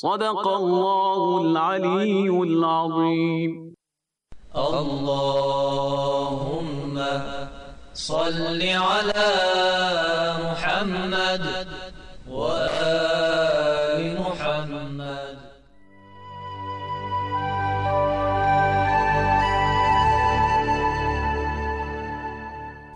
صدق الله العلي العظيم اللهم صل على محمد وآل محمد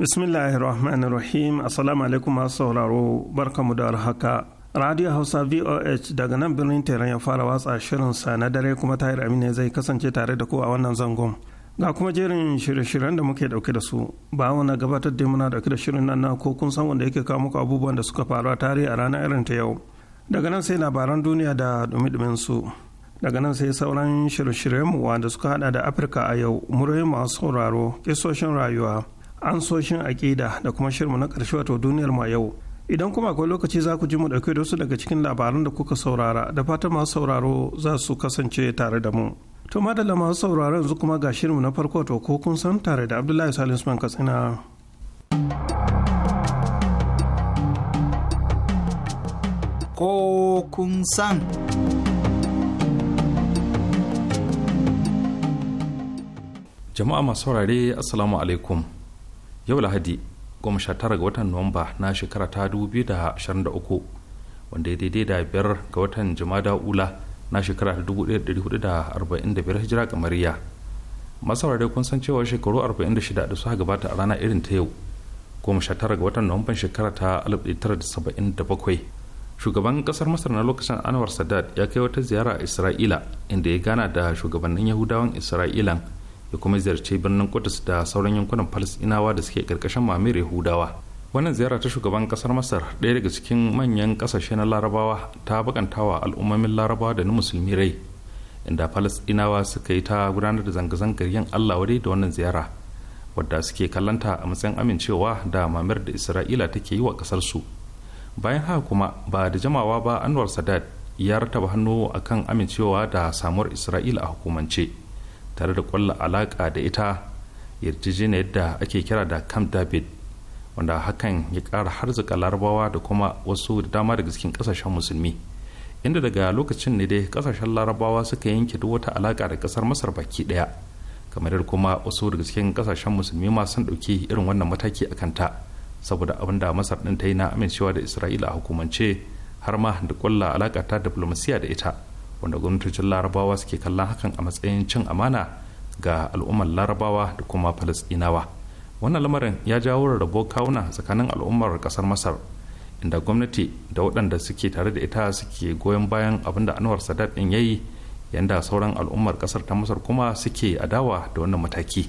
بسم الله الرحمن الرحيم السلام عليكم ورحمة الله وبركاته radio hausa voh daga nan birnin teran ya fara watsa shirinsa na dare kuma tahir amina zai kasance tare da ku a wannan zangon ga kuma jerin shirye-shiryen da muke dauke da su ba na gabatar da muna dauke da shirin nan na ko kun san wanda yake kawo muku abubuwan da suka faru a tarihi a ranar irin ta yau daga nan sai labaran duniya da dumi su daga nan sai sauran shirye-shiryen mu wanda suka hada da afirka a yau muryoyin masu sauraro kisoshin rayuwa an soshin aƙida da kuma shirmu na ƙarshe wato duniyar mu a yau idan kuma akwai lokaci za ku ji mu ɗauke da wasu daga cikin labaran da kuka saurara da fata masu sauraro za su kasance tare da mu to madalla masu sauraro yanzu kuma ga shirinmu na farko to ko kun san tare da abdullahi salim usman katsina ko kun san jama'a masu saurare assalamu alaikum yau lahadi 19 ga watan nuwamba na shekara ta 2023 wanda ya daidai da biyar ga watan jumada ula na shekara ta 1445 hijira kamariya masaurare kun san cewa shekaru 46 da suka gabata a rana irin ta yau 19 ga watan nuwamban shekara ta 1977 shugaban kasar masar na lokacin anwar sadat ya kai wata ziyara a isra'ila inda ya gana da shugabannin yahudawan isra'ilan ya kuma ziyarci birnin Kudus da sauran yankunan Falasɗinawa da suke ƙarƙashin mamayar Yahudawa. Wannan ziyara ta shugaban ƙasar Masar ɗaya daga cikin manyan ƙasashe na Larabawa ta bakantawa al'ummomin Larabawa da na Musulmi rai inda Falasɗinawa suka yi ta gudanar da zanga-zangar yin Allah wadai da wannan ziyara wadda suke kallanta a matsayin amincewa da mamir da Isra'ila take yi wa ƙasarsu. Bayan haka kuma ba da jamawa ba Anwar Sadat ya rataba hannu akan amincewa da samuwar Isra'ila a hukumance. tare da kwalla alaka da ita yarjejeniyar yadda ake kira da camp david wanda hakan ya kara harzuka larabawa da kuma wasu da dama daga cikin kasashen musulmi inda daga lokacin ne dai ƙasashen larabawa suka yanke duk wata alaka da kasar masar baki ɗaya kamar yadda kuma wasu daga cikin ƙasashen musulmi ma sun ɗauki irin wannan mataki a kanta saboda abin da masar ɗin ta yi na amincewa da isra'ila a hukumance har ma da kwallo alaka ta diflomasiyya da ita wanda gwamnatocin larabawa suke kallon hakan a matsayin cin amana ga al'ummar larabawa da kuma falasɗinawa wannan lamarin ya jawo rarrabo kawuna tsakanin al'ummar ƙasar masar inda gwamnati da waɗanda suke tare da ita suke goyon bayan abin da anwar sadat ɗin ya yi yanda sauran al'ummar ƙasar ta masar kuma suke adawa da wannan mataki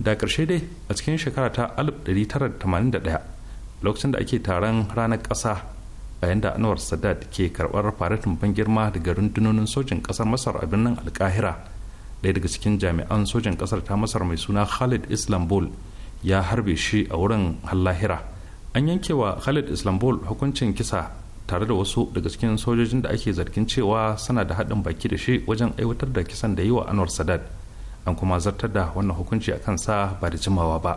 da ƙarshe dai a cikin shekara ta 1981 lokacin da ake taron ranar ƙasa a yadda anwar sadat ke karɓar faratin ban girma daga rundunonin sojin kasar masar a birnin alkahira ɗaya daga cikin jami'an sojin kasar ta masar mai suna khalid islambol ya harbe shi a wurin hallahira an yanke wa khalid islambol hukuncin kisa tare da wasu daga cikin sojojin da ake zargin cewa suna da haɗin baki da shi wajen aiwatar da kisan da yi wa anwar sadat an kuma zartar da wannan hukunci a kansa ba da jimawa ba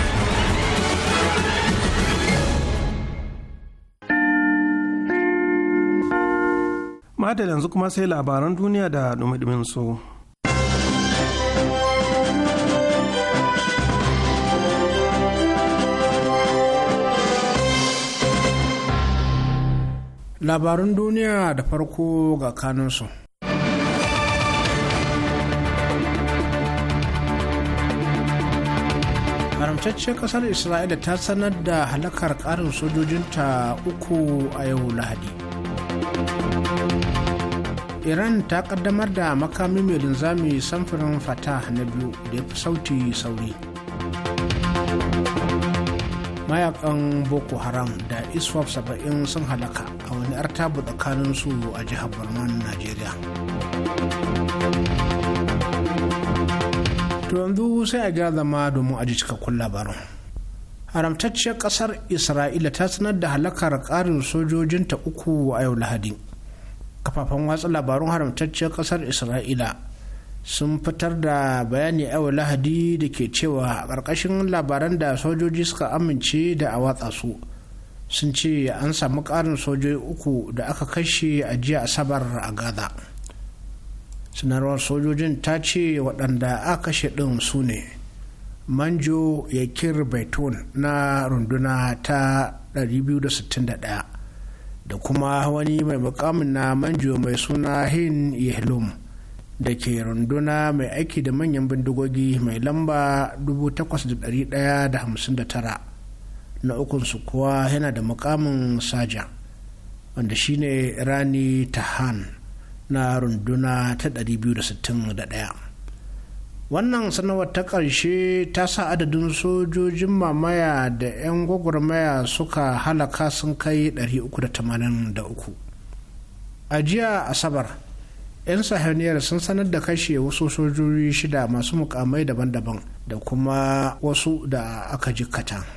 da yanzu kuma sai labaran duniya da dumi su. Labarun duniya da farko ga kanunsu. haramtacciyar ƙasar isra'ila ta sanar da halakar ƙarin sojojinta uku a yau lahadi iran ta kaddamar da makami mai linzami samfurin fatah na biyu da ya fi sauti sauri mayakan boko haram da iswap saba'in sun halaka a wani artabu su a jihar borno najeriya to yanzu sai a ga zama domin aji cikakkun labarin haramtacciyar ƙasar isra'ila ta sanar da halakar ƙarin sojojinta uku a yau lahadi kafafen watsa labarun haramtacciyar kasar isra'ila sun fitar da bayani yau lahadi da ke cewa a ƙarƙashin labaran da sojoji suka amince da a watsa su sun ce an samu ƙarin sojoji uku da aka kashe a jiya asabar a gaza sanarwar sojojin ta ce waɗanda aka kashe ɗin su ne manjo yakir baitun na runduna ta 261 da kuma wani mai mukamin na manjo mai suna hin yehlum da ke runduna mai aiki da manyan bindigogi mai lamba 8,159 na ukunsu kuwa yana da mukamin saja wanda shine rani tahan na runduna ta 261 wannan sanarwar ta ƙarshe ta sa adadin sojojin mamaya da 'yan gwagwarmaya suka halaka sun kai 383 a jiya asabar 'yan sahaniyar sun sanar da kashe wasu sojoji shida masu mukamai daban-daban da kuma wasu da aka jikkata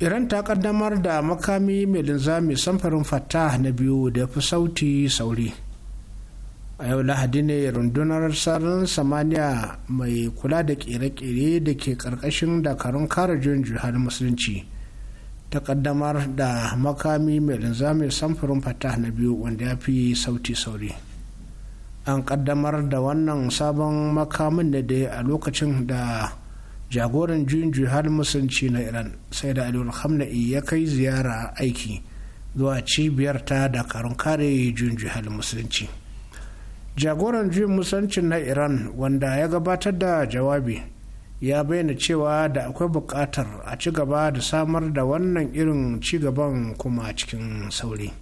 iran ta kaddamar da makami mai linzami samfarin fatah na biyu da ya fi sauti sauri a yau lahadi ne rundunar sararin samaniya mai kula da kere-kere da ke karkashin dakarun kare juyin juhar musulunci ta kaddamar da makami mai linzamin samfurin fata na biyu wanda ya fi sauti sauri an kaddamar da wannan sabon makamin da dai a lokacin da jagoran juyin juhar musulunci na iran sai da aliyu ya kai ziyara aiki zuwa cibiyar ta dakarun kare juyin juhar musulunci jagoran juyin musancin na iran wanda ya gabatar da jawabi ya bayyana cewa da akwai buƙatar a ci gaba da samar da wannan irin ci gaban kuma cikin sauri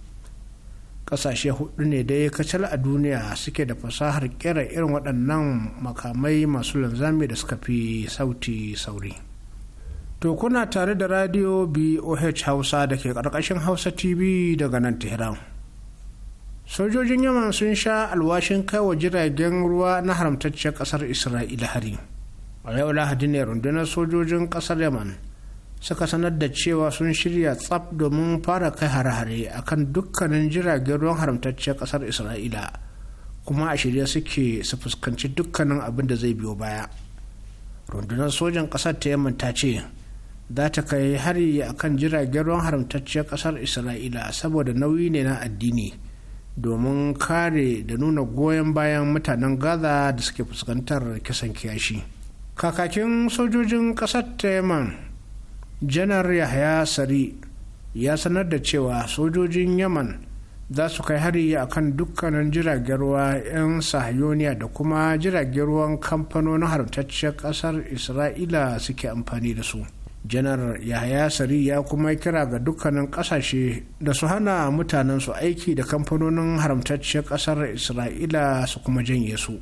ƙasashe hudu ne da ya kacal a duniya suke da fasahar kera irin waɗannan makamai masu linzami da suka fi sauti sauri to kuna tare da radio boh hausa da ke ƙarƙashin hausa tv daga nan tehran sojojin yaman sun sha alwashin kaiwa jiragen ruwa na haramtacciyar kasar isra'ila hari a yau lahadi ne rundunar sojojin kasar yaman suka sanar da cewa sun shirya tsaf domin fara kai hare-hare kan dukkanin jiragen ruwan haramtacciyar kasar isra'ila kuma a shirye suke su fuskanci dukkanin abin da zai biyo baya rundunar sojan kasar ta yamma ta ce za ta kai hari akan jiragen ruwan haramtacciyar kasar isra'ila saboda nauyi ne na addini domin kare da nuna goyon bayan mutanen gaza da suke fuskantar kisan kiyashi kakakin sojojin ƙasar yaman janar yahaya sari ya sanar da cewa sojojin yaman za su kai hari a kan dukkanin jiragen ruwa 'yan sahayoniya da kuma jiragen ruwan kamfanonin haramtacciyar ƙasar isra'ila suke amfani da su. janar yahaya sari ya kuma kira ga dukkanin kasashe da su hana mutanen su aiki da kamfanonin haramtacciyar kasar isra'ila su kuma janye su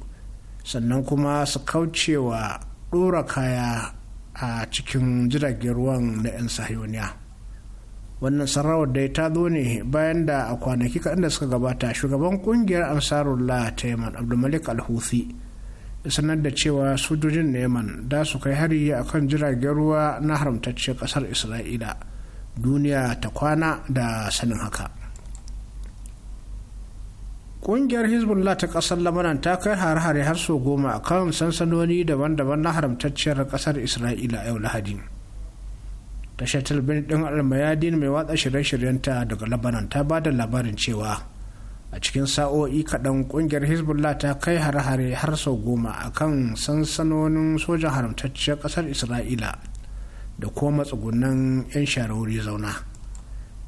sannan kuma su kaucewa ɗora kaya a cikin jiragen ruwan na 'yan sahiyoniya wannan sarrawar dai ta zo ne bayan da a kwanaki kaɗan da suka gabata shugaban ƙungiyar ansarullah ta yaman abdulmalik alhuthi sanar da cewa sojojin neman da su kai hari a kan jiragen ruwa na haramtacciyar kasar isra'ila duniya ta kwana da sanin haka ƙungiyar hezbollah ta ƙasar lamanan ta kai har-hare har so goma a kan sansanoni daban-daban na haramtacciyar ƙasar isra'ila yau lahadi tashar talbin ɗin almayadin mai watsa shirye-shiryenta daga labanan ta ba da labarin cewa a cikin sa'o'i kaɗan ƙungiyar hezbollah ta kai hare-hare har sau goma a kan sansanonin sojan haramtacciyar ƙasar isra'ila da kuma matsugunan 'yan shahararri zauna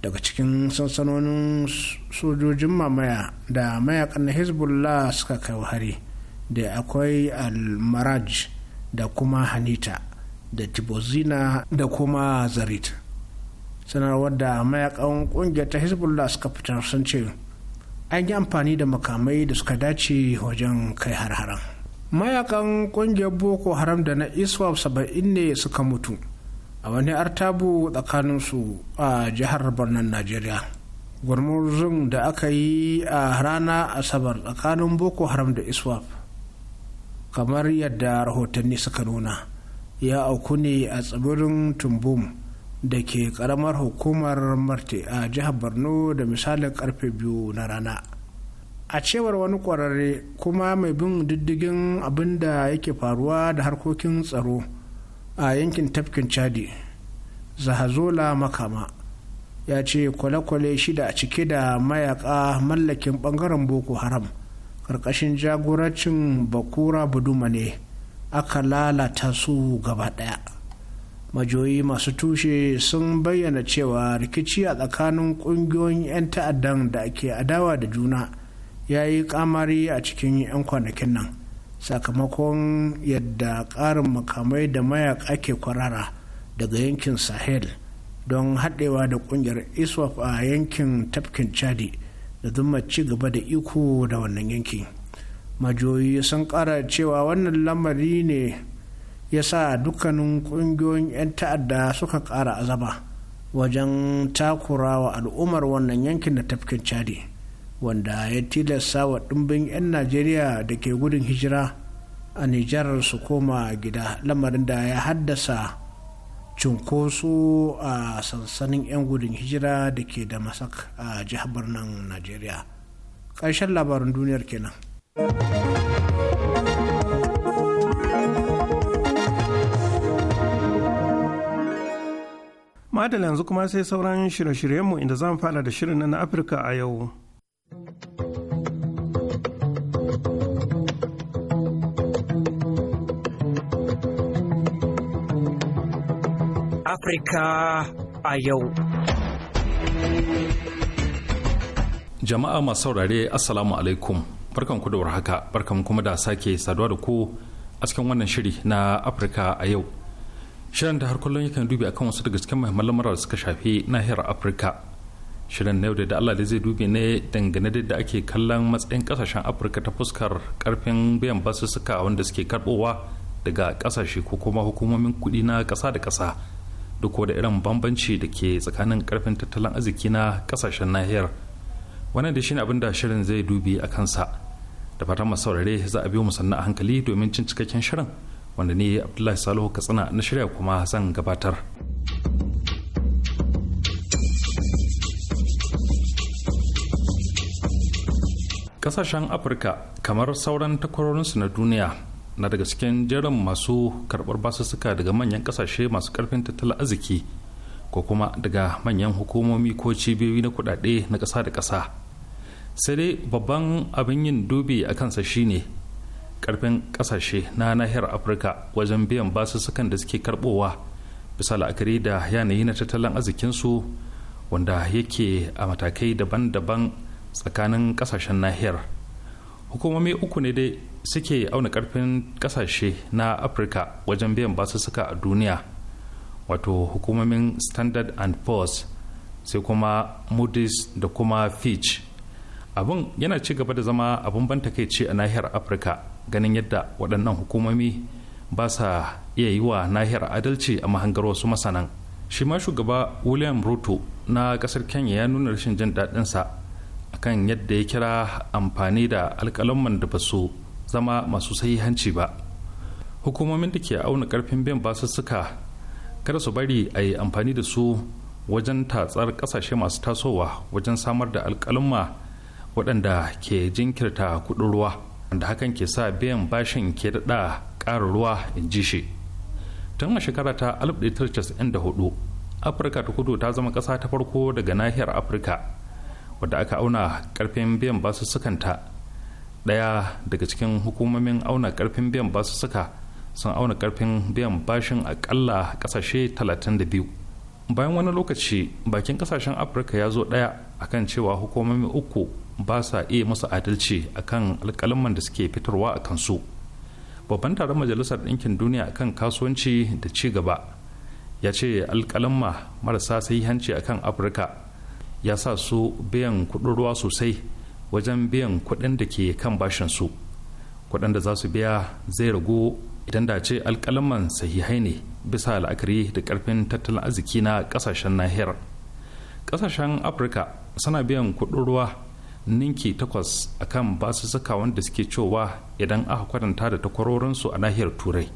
daga cikin sansanonin sojojin mamaya da mayakan hezbollah suka kai hari da akwai al-maraj da kuma hanita da tibozina da kuma zarit sanarwar da mayakan ƙungiyar ta hezbollah suka fitar sun ce an yi amfani da makamai da suka dace wajen kai har-haren mayakan kungiyar boko haram da na iswap saba'in ne suka mutu a wani artabu tsakanin su a jihar birnin najeriya gurmurzun da aka yi a rana asabar tsakanin boko haram da iswap kamar yadda rahotanni suka nuna ya auku ne a tsibirin tumbum da ke karamar hukumar marti a jihar borno da misalin karfe biyu na rana a cewar wani kwararre kuma mai bin diddigin abin da yake faruwa da harkokin tsaro a yankin tafkin chadi zahazola makama ya ce kwale-kwale shida a cike da mayaka mallakin bangaren boko haram karkashin jagorancin bakura buduma ne aka lalata su gaba daya majoyi masu tushe sun bayyana cewa rikici a tsakanin kungiyoyin 'yan ta'addan da ke adawa da juna ya yi kamari a cikin 'yan kwanakin nan sakamakon yadda ƙarin makamai da mayaƙa ke kwarara daga yankin sahel don haɗewa da ƙungiyar iswaf a yankin tafkin chadi da zuma ci gaba da iko da wannan yankin majoyi sun ƙara cewa wannan lamari ne ya sa dukkanin kungiyoyin 'yan ta'adda suka kara azaba wajen takura wa al'ummar wannan yankin da tafkin chadi wanda ya tilasta wa ɗimbin 'yan najeriya da ke gudun hijira a nijar su koma gida lamarin da ya haddasa cunkoso a sansanin 'yan gudun hijira da ke da masak a jihar birnin najeriya ƙarshen labarin duniyar kenan. madal yanzu kuma sai sauran shirye-shiryenmu inda zan fara da shirin na afirka a yau afirka a yau jama'a masu saurare assalamu alaikum barkan ku da warhaka barkan kuma da sake saduwa da ku a cikin wannan shiri na afirka a yau shirin da har kullum yakan dubi akan wasu daga cikin muhimman lamura da suka shafi nahiyar afirka shirin na yau da allah da zai dubi ne dangane da da ake kallon matsayin kasashen afirka ta fuskar karfin biyan basussuka wanda suke karbowa daga kasashe ko kuma hukumomin kuɗi na kasa da kasa duk da irin bambanci da ke tsakanin karfin tattalin arziki na kasashen nahiyar wannan da shine abin da shirin zai dubi a kansa da fatan masaurare za a biyo musanna a hankali domin cin cikakken shirin wanda ne abdullahi salihu katsina na shirya kuma zan gabatar kasashen afirka kamar sauran takwarorinsu na duniya na daga cikin jerin masu karɓar basussuka daga manyan kasashe masu karfin tattalin arziki ko kuma daga manyan hukumomi ko cibiyoyi na kudade na ƙasa da ƙasa sai dai babban abin yin dubi a kansa shine karfin kasashe na nahiyar afirka wajen biyan basussukan da suke karbowa bisa la'akari da yanayi na tattalin arzikinsu wanda yake a matakai daban-daban tsakanin kasashen nahiyar hukumomi uku ne dai suke auna karfin kasashe na afirka wajen biyan basussuka a duniya wato hukumomin standard and poor's sai kuma moody's da kuma fitch abin yana ci gaba da zama abin ban takaici a nahiyar afirka ganin yadda waɗannan hukumomi ba sa iya yi wa nahiyar adalci a mahangar wasu masanan shi ma shugaba william ruto na ƙasar kenya ya nuna rashin jin daɗinsa kan yadda ya kira amfani da alƙalamman da ba su zama masu sahihanci ba hukumomin da ke auna ƙarfin bin basussuka kada su bari a yi amfani da su wajen tatsar ƙasashe masu tasowa wajen samar da alƙalumma waɗanda ke jinkirta kuɗin ruwa wanda hakan ke sa biyan bashin ke daɗa ƙara ruwa in ji shi tun a shekara ta 1994 afirka ta kudu ta zama ƙasa ta farko daga nahiyar afirka wadda aka auna ƙarfin biyan basussukanta ɗaya daga cikin hukumomin auna ƙarfin biyan basussuka sun auna ƙarfin biyan bashin aƙalla ƙasashe 32 bayan wani lokaci bakin ƙasashen afirka ya zo ɗaya akan cewa hukumomi uku ba sa iya masu adalci akan alkalaman da suke fitarwa a kansu babban taron majalisar ɗinkin duniya akan kasuwanci da ci gaba ya ce alƙalamma marasa sahihanci akan afirka ya sa su biyan kuɗin ruwa sosai wajen biyan kuɗin da ke kan bashinsu kuɗin da za su biya zai ragu idan da ce alƙalaman sahihai ne bisa la'akari da ƙarfin tattalin arziki na ƙasashen nahiyar ƙasashen afirka suna biyan kuɗin ruwa ninki takwas a akan basussuka wanda suke cewa idan aka kwatanta da takwarorinsu a nahiyar turai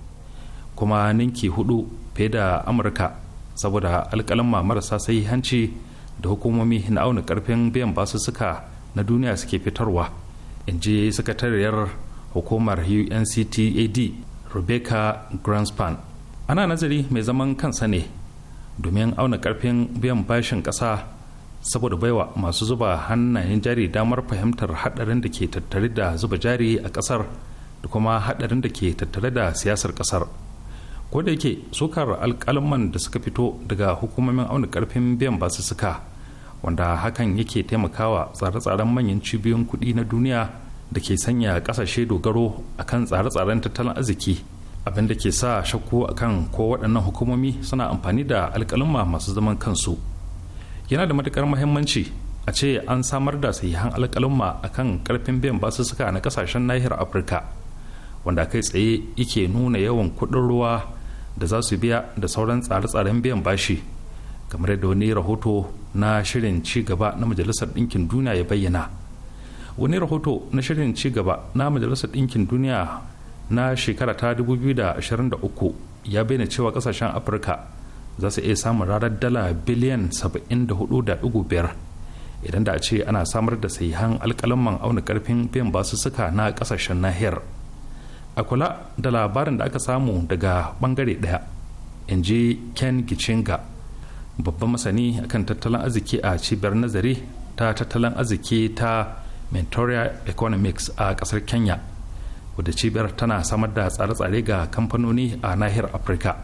kuma ninki hudu fiye da amurka saboda alkalama marasa hanci da hukumomi na auna karfin biyan basussuka na duniya suke fitarwa in ji sakatariyar hukumar unctad rebecca granspan ana nazari mai zaman kansa ne domin auna karfin biyan bashin kasa. saboda baiwa masu zuba hannayen jari damar fahimtar haɗarin da ke tattare da zuba jari a ƙasar da kuma haɗarin da ke tattare da siyasar ƙasar ko da yake sukar alƙalman da suka fito daga hukumomin auna ƙarfin biyan basu suka wanda hakan yake taimakawa tsare-tsaren manyan cibiyoyin kuɗi na duniya da ke sanya ƙasashe dogaro akan tsare-tsaren tattalin arziki abin da ke sa shakku akan ko waɗannan hukumomi suna amfani da alƙalma masu zaman kansu yana da matukar muhimmanci a ce an samar da sahihan a akan karfin biyan basussuka na kasashen nahiyar afirka wanda kai tsaye yake nuna yawan kuɗin ruwa da za su biya da sauran tsare-tsaren biyan bashi kamar da wani rahoto na shirin ci gaba na majalisar ɗinkin duniya ya bayyana wani rahoto na shirin ci gaba na majalisar ɗinkin duniya na shekara ta 2023 ya bayyana cewa kasashen afirka za su iya samun rarar dala biliyan 74.5 idan da a ce ana samar da sahihan alkalaman auna karfin biyan basussuka na kasashen nahiyar a kula da labarin da aka samu daga bangare daya in ji ken gicinga babban masani akan tattalin arziki a cibiyar nazari ta tattalin arziki ta mentoria economics a kasar kenya wadda cibiyar tana samar da tsare-tsare ga kamfanoni a nahiyar afirka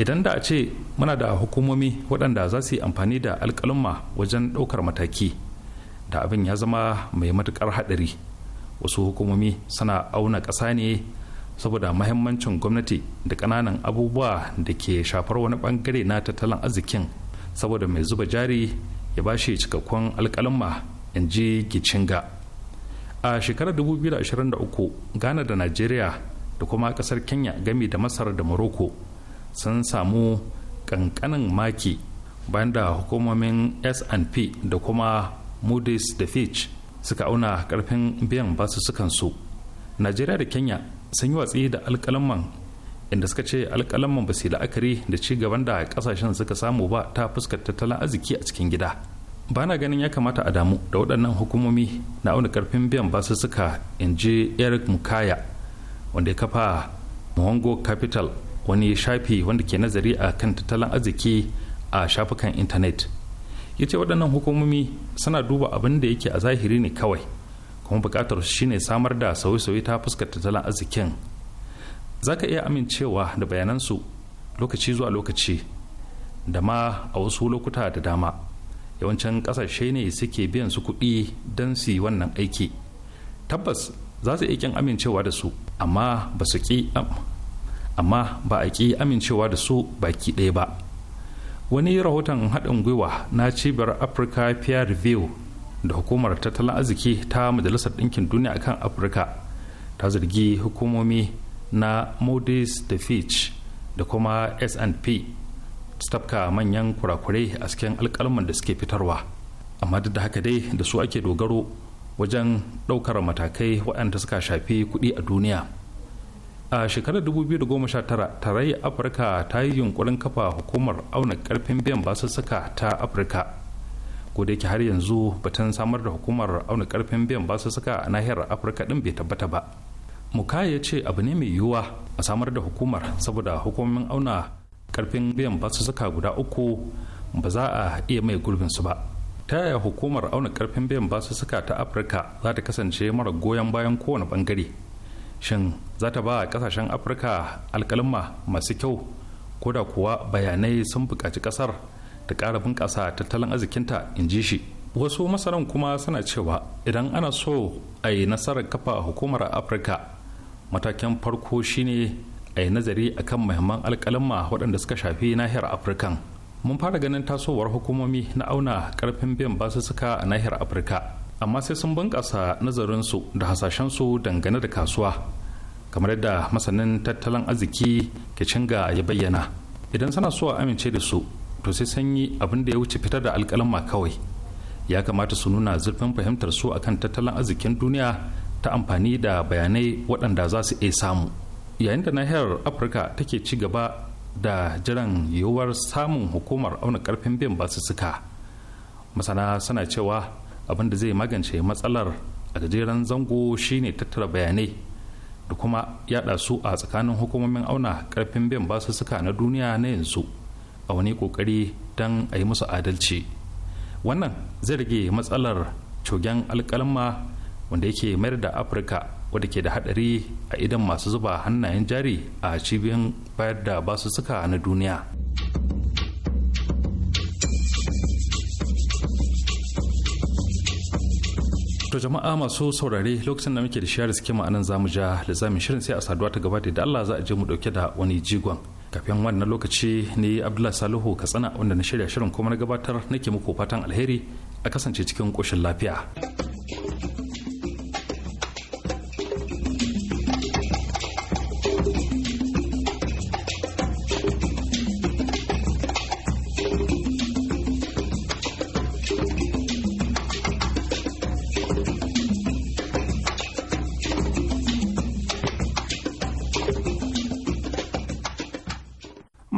idan da a ce muna da hukumomi waɗanda za su yi amfani da alƙalumma wajen ɗaukar mataki da abin ya zama mai matuƙar haɗari wasu hukumomi suna auna ƙasa ne saboda mahimmancin gwamnati da ƙananan abubuwa da ke shafar wani ɓangare na tattalin arzikin saboda mai zuba jari ya ba shi cikakkun alƙalumma in ji gicinga a shekarar 2023 ghana da najeriya da kuma ƙasar kenya gami da masar da morocco sun samu kankanin maki bayan da hukumomin S&P da kuma Moody's da Fitch suka auna karfin biyan basussukansu. Najeriya da Kenya sun yi watsi da alkalaman inda suka ce alkalaman ba su la'akari da ci gaban da kasashen suka samu ba ta fuskar tattalin arziki a cikin gida. bana ganin ya kamata a damu da waɗannan hukumomi na auna karfin biyan basussuka in ji eric mukaya wanda ya kafa mongo capital wani shafi wanda ke nazari a kan tattalin arziki a shafukan intanet ya ce waɗannan hukumomi suna duba abin da yake a zahiri ne kawai kuma buƙatar su shine samar da sauye-sauye ta fuskar tattalin arzikin za ka iya amincewa da bayanansu lokaci zuwa lokaci da ma a wasu lokuta da dama yawancin ƙasashe ne suke biyan su kuɗi don su yi wannan aiki tabbas za su iya amincewa da su amma ba su ƙi amma ba a ƙi amincewa da su baki ɗaya ba wani rahoton haɗin gwiwa na cibiyar afirka peer review da hukumar tattalin arziki ta majalisar ɗinkin duniya akan afirka ta zargi hukumomi na moody's da fitch da kuma S&P tafka manyan kurakurai a cikin alkalman da suke fitarwa amma duk da haka dai da su ake dogaro wajen ɗaukar matakai waɗanda suka shafi kuɗi a duniya a shekarar 2019 tarayyar afirka ta yi yunkurin kafa hukumar auna karfin biyan basussuka ta afirka yake har yanzu batun samar da hukumar auna karfin biyan basussuka a nahiyar afirka din bai tabbata ba muka ya ce abu ne mai yiwuwa a samar da hukumar saboda hukumomin auna karfin biyan basussuka guda uku ba za a iya mai gurbin su ba ta yaya hukumar auna karfin biyan basussuka ta afirka za ta kasance mara goyon bayan kowane bangare shin za ta ba kasashen afirka alkalma masu kyau ko da kuwa bayanai sun buƙaci ƙasar da ƙara bunƙasa tattalin arzikinta in ji shi wasu masarar kuma suna cewa idan ana so a yi nasarar kafa hukumar afirka matakin farko shine a yi nazari akan muhimman alkalma waɗanda suka shafi nahiyar afirkan mun fara ganin tasowar hukumomi na auna karfin biyan basussuka a nahiyar afirka amma sai sun bunƙasa nazarinsu da hasashensu dangane da kasuwa kamar yadda masanin tattalin arziki ke cinga ya bayyana idan suna so a amince da su to sai sun yi abin da ya wuce fitar da alkalama kawai ya kamata su nuna zurfin fahimtar su akan tattalin arzikin duniya ta amfani da bayanai waɗanda za su iya samu yayin da nahiyar afirka take ci gaba da jiran yiwuwar samun hukumar auna karfin bin basussuka masana suna cewa abin da zai magance matsalar a gajeren zango shine tattara bayanai da kuma yada su a tsakanin hukumomin auna karfin biyan basussuka na duniya na yanzu a wani kokari don a yi musu adalci wannan zai rage matsalar cogen alkalma wanda yake mayar da afirka wadda ke da hadari a idan masu zuba hannayen jari a cibiyan bayar da basussuka na duniya. to jama'a masu saurare lokacin da muke da share suke ma'anan zamu ja da zamu shirin sai a saduwa ta gaba da Allah za a je mu dauke da wani jigon kafin wannan lokaci ne Abdullahi Salihu Katsina wanda na shirya shirin kuma na gabatar nake muku fatan alheri a kasance cikin koshin lafiya.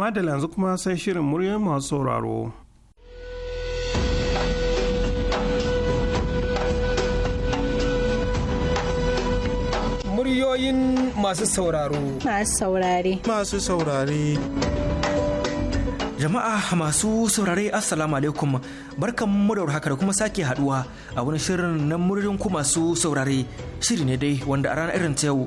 madala yanzu kuma sai shirin muryar masu sauraro. Muryoyin masu sauraro. Masu saurare. Masu saurare. Jama'a masu saurare Assalamu alaikum barkan mu da haka da kuma sake haduwa a wani shirin na muryoyin ku masu saurare shiri ne dai wanda a ranar irin ta yau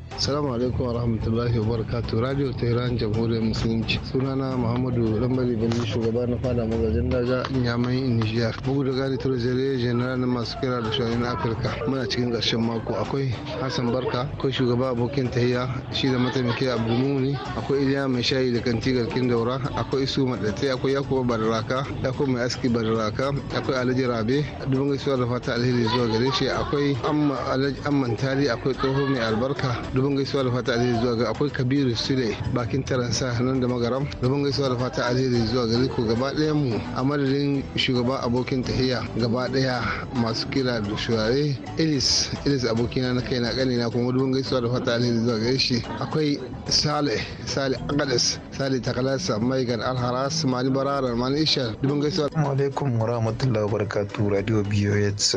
salamu alaikum wa rahmatullahi wa barakatu. Radio Tehran Jamhuriyar Musulunci. Sunana Muhammadu Lambari birnin shugaba na fada mazajen daga Nyamai Nijar. Bugu da gari Turjere General na masu kira da na Afirka. Muna cikin ƙarshen mako akwai Hassan Barka, akwai shugaba abokin tahiya shi da mataimaki Abu Muni, akwai Iliya Mai Shayi da Kanti Garkin Daura, akwai Isu Madatai, akwai Yakubu Badaraka, akwai Mai Aski Badaraka, akwai Alhaji Rabe, dubin gaisuwa da fata alheri zuwa gare shi, akwai Amman Tari, akwai Tsoho Mai Albarka, dubin dubin gaisuwa da fata alheri zuwa ga akwai kabiru sule bakin taransa nan da magaram dubin gaisuwa da fata alheri zuwa ga riko gaba ɗayan mu a madadin shugaba abokin tahiya gaba ɗaya masu kira da shuware elis elis abokina na kai na na kuma dubin gaisuwa da fata alheri zuwa ga shi akwai sale sale agadas sale takalasa mai gan alharas mani bararar mani ishar gaisuwa alaikum wa rahmatullahi wa barakatuhu radio biyoyets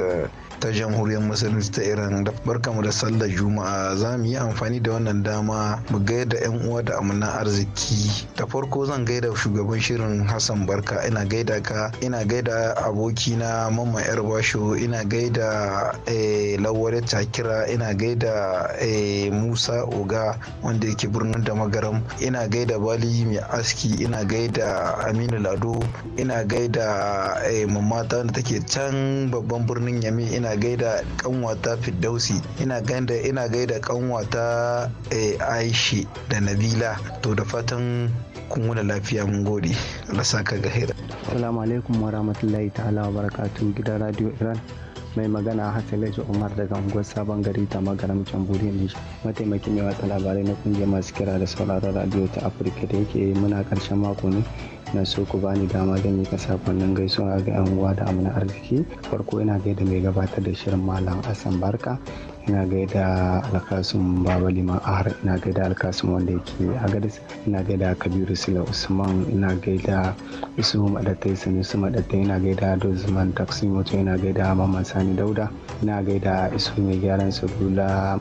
ta jamhuriyar musulunci ta iran da barkamu da sallar juma'a za mu yi amfani da wannan dama mu gaida yan uwa da amina arziki da farko zan gaida shugaban shirin hassan barka ina gaida ka ina gaida abokina mamman yar basho ina gaida eh, lawale takira ina gaida eh, musa oga wanda yake birnin da magaram ina gaida bali mai aski ina gaida aminu lado ina gaida eh, mamata da take can babban birnin yami ina gaida kanwata Firdausi ina gaida ina gaida kanwata eh, Aishi da Nabila to da fatan kun lafiya mun gode Allah saka ga hira assalamu alaikum wa rahmatullahi ta'ala wa barakatuh gidan radio Iran mai magana hasalaji umar daga unguwar sabon gari ta magana buri ne nijar mataimakin mai watsa labarai na kungiyar masu kira da sauraron radio ta afirka da yake muna karshen mako ne na so ku bani dama zan yi ka sakonnin gaisuwa ga yan uwa da amana arziki farko ina gaida mai gabatar da shirin malam asan barka ina gaida alkasun baba liman ahar ina gaida alkasun wanda yake agadis ina gaida kabiru sila usman ina gaida isu madatai sani su madatai ina gaida dozman taksi moto ina gaida mamman sani dauda ina gaida isu mai gyaran sabula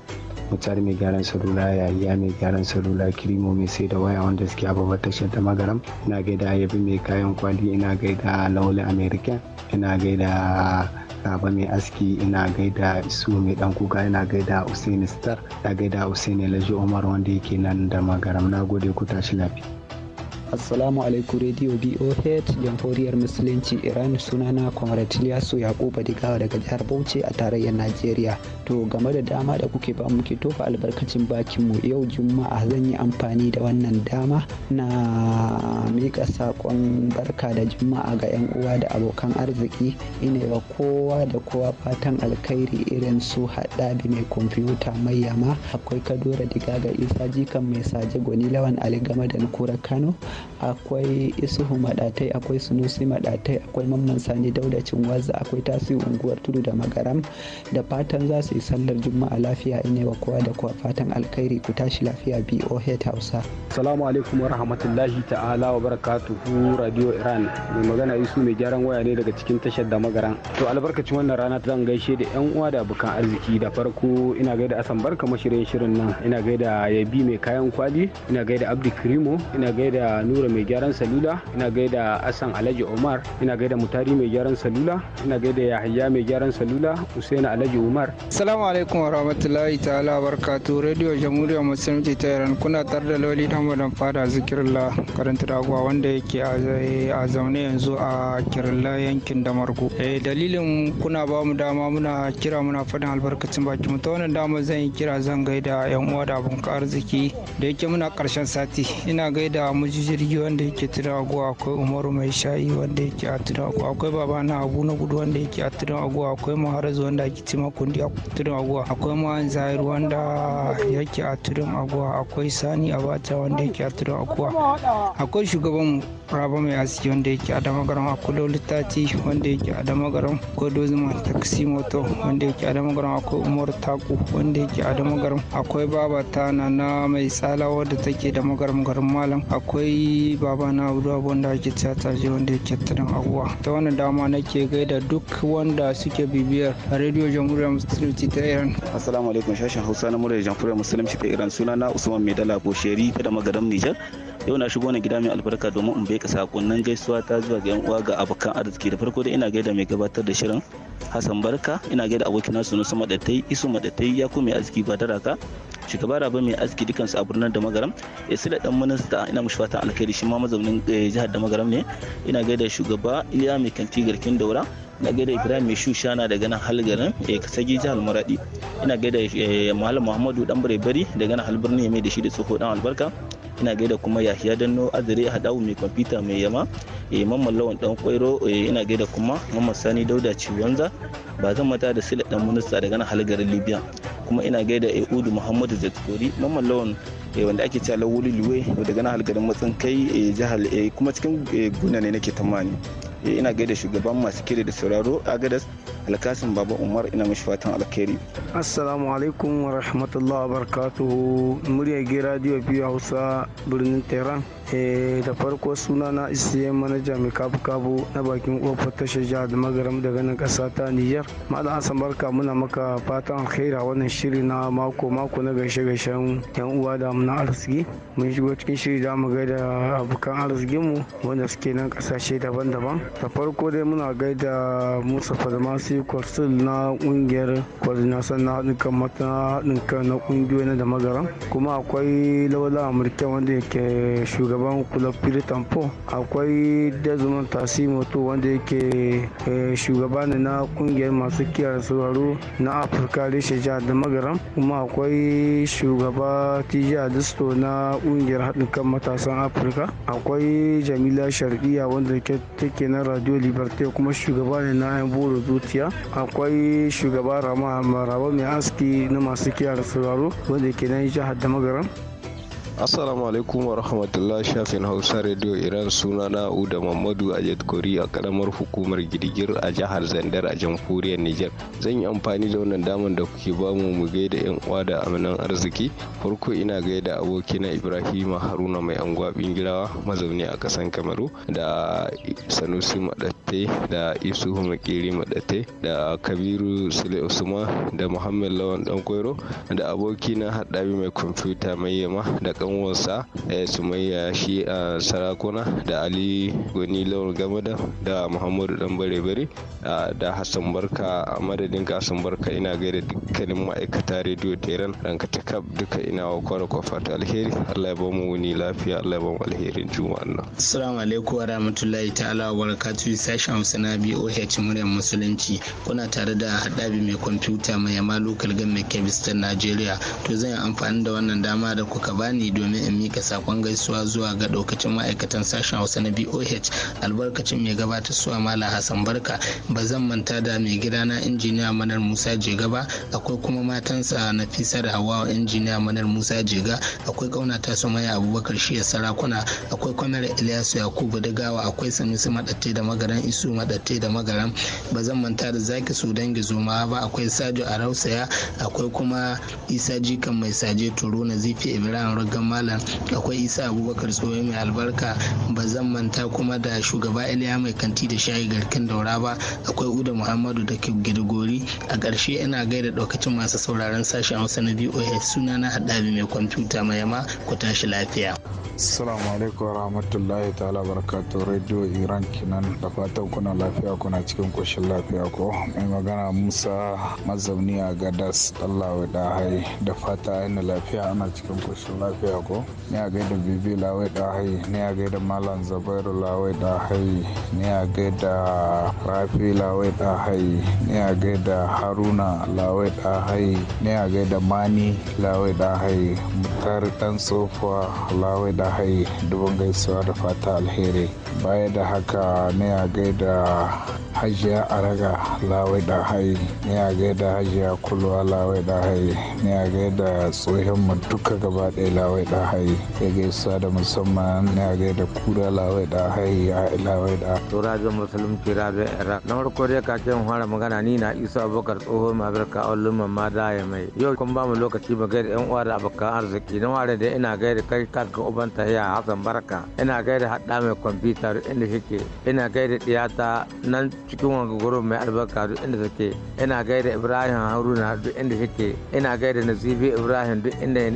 mutar mai gyaran salula yahaya mai gyaran salula kirimo mai sai da waya wanda suke ababar tashar ta magaram ina gaida yabi mai kayan kwali ina gaida laule america ina gaida raba mai aski ina gaida su mai dan kuka ina gaida Usaini Star ina gaida Usaini Laji Umar wanda yake nan da magaram na gode ku tashi lafiya. assalamu alaikum radio boh jamhuriyar musulunci iran sunana comrade yasu yakuba digawa daga jihar bauchi a tarayyar najeriya to game da dama da kuke ba muke tofa albarkacin bakin mu yau juma'a zan yi amfani da wannan dama na mika sakon barka da juma'a ga yan uwa da abokan arziki ina wa kowa da kowa fatan alkhairi irin su haɗabi mai kwamfuta mai yama akwai kadura diga ga isa jikan mai saje gwani lawan ali game da kura kano akwai isuhu maɗatai akwai sunusi maɗatai akwai mamman sani daudacin wazza akwai tasiri unguwar tudu da magaram da fatan za su yi sallar juma'a lafiya ina wa kowa da kowa fatan alkhairi ku tashi lafiya boh hausa salamu alaikum wa rahmatullahi ta'ala wa barakatuhu radio iran mai magana isu mai gyaran waya ne daga cikin tashar da magaran to albarkacin wannan rana zan gaishe da yan uwa da abokan arziki da farko ina gaida asan barka mashirin shirin nan ina gaida yabi mai kayan kwali ina gaida abdi krimo ina gaida nura mai gyaran salula ina gaida asan alhaji omar ina gaida mutari mai gyaran salula ina gaida Yahya mai gyaran salula Usaina alhaji umar Assalamu alaikum wa rahmatullahi ta'ala barkatu radio jamhuriyar musulunci ta iran kuna tare da loli dan madan fada zikirla karanta dagwa wanda yake a zaune yanzu a kirla yankin damargo eh, dalilin kuna ba mu dama muna kira muna fadin albarkacin baki mu ta wannan dama zan yi kira zan gaida yan uwa da abun arziki da yake muna karshen sati ina gaida mujijiri jirgi wanda yake tirago akwai umaru mai shayi wanda yake a tirago akwai baba na abu na gudu wanda yake a tirago akwai maharaz wanda ake cima kundi a tirago akwai mahan zahir wanda yake a tirago akwai sani abacha wanda yake a tirago akwai shugaban raba mai aski wanda yake a damagaram akwai lolitati wanda yake a damagaram akwai dozima Taxi moto wanda yake a damagaram akwai umar taku wanda yake a damagaram akwai baba tana na mai tsala wadda take da magaram garin malam akwai baba na ruwa wanda ake tiyata je wanda yake tattalin abuwa ta Wani dama nake gaida duk wanda suke bibiyar a rediyo jamhuriyar musulunci ta iran assalamu alaikum sashen hausa na murar jamhuriyar musulunci ta iran suna na usman maidala bosheri da magadan nijar yau na shigo na gida mai albarka domin in bai ka sakonnin gaisuwa ta zuwa ga yan uwa ga abokan arziki da farko da ina gaida mai gabatar da shirin Hassan Barka ina gaida abokina su su madatai Isu ya Yaku mai aski daraka shugaba Rabe mai aski su a birnin da magaram sila dan minista ina mushi fatan alkhairi shi ma mazaunin eh, jihar da magaram ne ina gaida shugaba Iliya mai kanti garkin daura ina gaida Ibrahim mai shushana daga nan halgarin eh jihar Maradi ina gaida eh, Malam Muhammadu dan Bare daga nan halbirni mai da shi da tsoho dan albarka ina gaida kuma yahiya danno azare hadawu mai kwamfuta mai yama e mamman lawan dan kwairo eh, ina gaida kuma mamman sani dauda ciwanza ba zan mata da sila dan minista daga nan halgarin libya kuma ina gaida e udu muhammadu zakori mamman lawan wanda ake cewa lawuli luwe daga nan halgarin matsin kai jihar kuma cikin guna ne nake tamani Eh, ina gaida shugaban masu kire da sauraro agadas alkasin baba umar ina mashi fatan alkhairi assalamu alaikum wa rahmatullahi wa barakatuhu murya radio biyu hausa birnin tehran eh, da farko suna na isiye manaja mai kabu kabu na bakin kofar tashar jihar da magaram daga nan kasa ta ma'ana malam asan barka muna maka fatan alkhairi a wannan shiri na mako mako na gaishe gaishen yan uwa da na arziki mun shigo cikin shiri da mu gaida abokan arzikinmu wanda suke nan kasashe daban-daban da farko dai muna gaida musa farmasi kwasil na kungiyar kwazinasan na haɗin kan mata haɗin kan na kungiyoyi da magaran kuma akwai lawala amurka wanda yake shugaban kulab tampo akwai desmond tasimoto wanda yake eh, shugaban ne na kungiyar masu kiyar sauraro na afirka reshe jihar da magaran kuma akwai shugaba tija disto na kungiyar haɗin kan matasan afirka akwai jamila shardiya wanda take na gidan radio liberté kuma shugaba ne na yan boro zuciya akwai shugaba rama maraba mai aski na masu kiyar sauraro wanda ke nan jihar da Assalamu alaikum wa rahmatullah shafin Hausa Radio Iran suna na Uda Mamadu a Kori a karamar hukumar Girgir a jihar Zandar a jamhuriyar Nijar. Zan yi amfani da wannan damar da kuke bamu mu gaida yan uwa da aminan arziki. Farko ina gaida abokina Ibrahima Haruna mai angwa bingirawa mazauni a kasan Kamaru da Sanusi Madatte da Isuhu Makiri Madatte da Kabiru Sule Usman da Muhammad Lawan Dankoiro da abokina Haddabi mai kwamfuta mai yama da kanwarsa eh, sumayya shi a sarakuna da ali gwani lawan gamada da muhammadu dan bare bare da hassan barka a madadin hassan barka ina gaida dukkanin ma'aikata rediyo teran ranka ta duka ina wa kwara kwafata alheri allah ya bamu wuni lafiya allah ya bamu alherin juma'an nan assalamu alaikum wa rahmatullahi ta'ala wa barakatu sashen hausa na oh muryar musulunci kuna tare da haɗabi mai kwamfuta mai yama lokal gan mai kebistan najeriya to zan yi amfani da wannan dama da kuka bani domin in mika sakon gaisuwa zuwa ga daukacin ma'aikatan sashen hausa na boh albarkacin mai gabatar suwa mala hassan barka ba zan manta da mai gidana injiniya manar musa jega ba akwai kuma matansa nafisa da hawa injiniya manar musa jega akwai kaunata maya abubakar shiya sarakuna akwai kwamar ilyasu yakubu dagawa akwai sanusi madatte da magaran isu madatte da magaran ba zan manta da zaki su dangi zoma ba akwai sajo arausaya akwai kuma isa jikan mai saje turo na zifi ibrahim ruggan malam malam akwai isa abubakar tsohon mai albarka ba zan manta kuma da shugaba iliya mai kanti da shayi garkin daura ba akwai uda muhammadu da girgori a ƙarshe ina gaida ɗaukacin masu sauraron sashen hausa na boa suna na haɗari mai kwamfuta mai yama ku tashi lafiya assalamu alaikum rahmatullahi ta'ala barakatu radio iran kinan da fatan kuna lafiya kuna cikin koshin lafiya ko mai magana musa mazauni a gadas allah da hai da fata lafiya ana cikin koshin lafiya yako ko ne a gaida bibi lawai da hayi ne a gaida malam zabairu lawai da hayi ne a gaida rafi lawai da ni ne a gaida haruna lawai da ni ne a gaida mani lawai da hayi mutar dan sofa lawai da hayi dubin gaisuwa da fata alheri baya da haka ne a gaida hajiya araga lawai da ni ne a gaida hajiya kulwa lawai da ni ne a gaida tsohon mutuka duka gaba ɗaya lawai lawai da hayi ya gaisuwa da musamman kura lawai da ya lawai da musulunci radio iraq na farko dai ka fara magana ni na isa abubakar tsoho mabir ka allun mamma da ya mai yau kun ba mu lokaci ba gaida yan uwa da abokan arziki na ware da ina gaida kai ga uban tahiya hassan barka ina gaida hada mai kwamfuta inda kike ina gaida diyata nan cikin mai albarka duk inda take ina gaida ibrahim haruna duk inda kike ina gaida nasibi ibrahim duk inda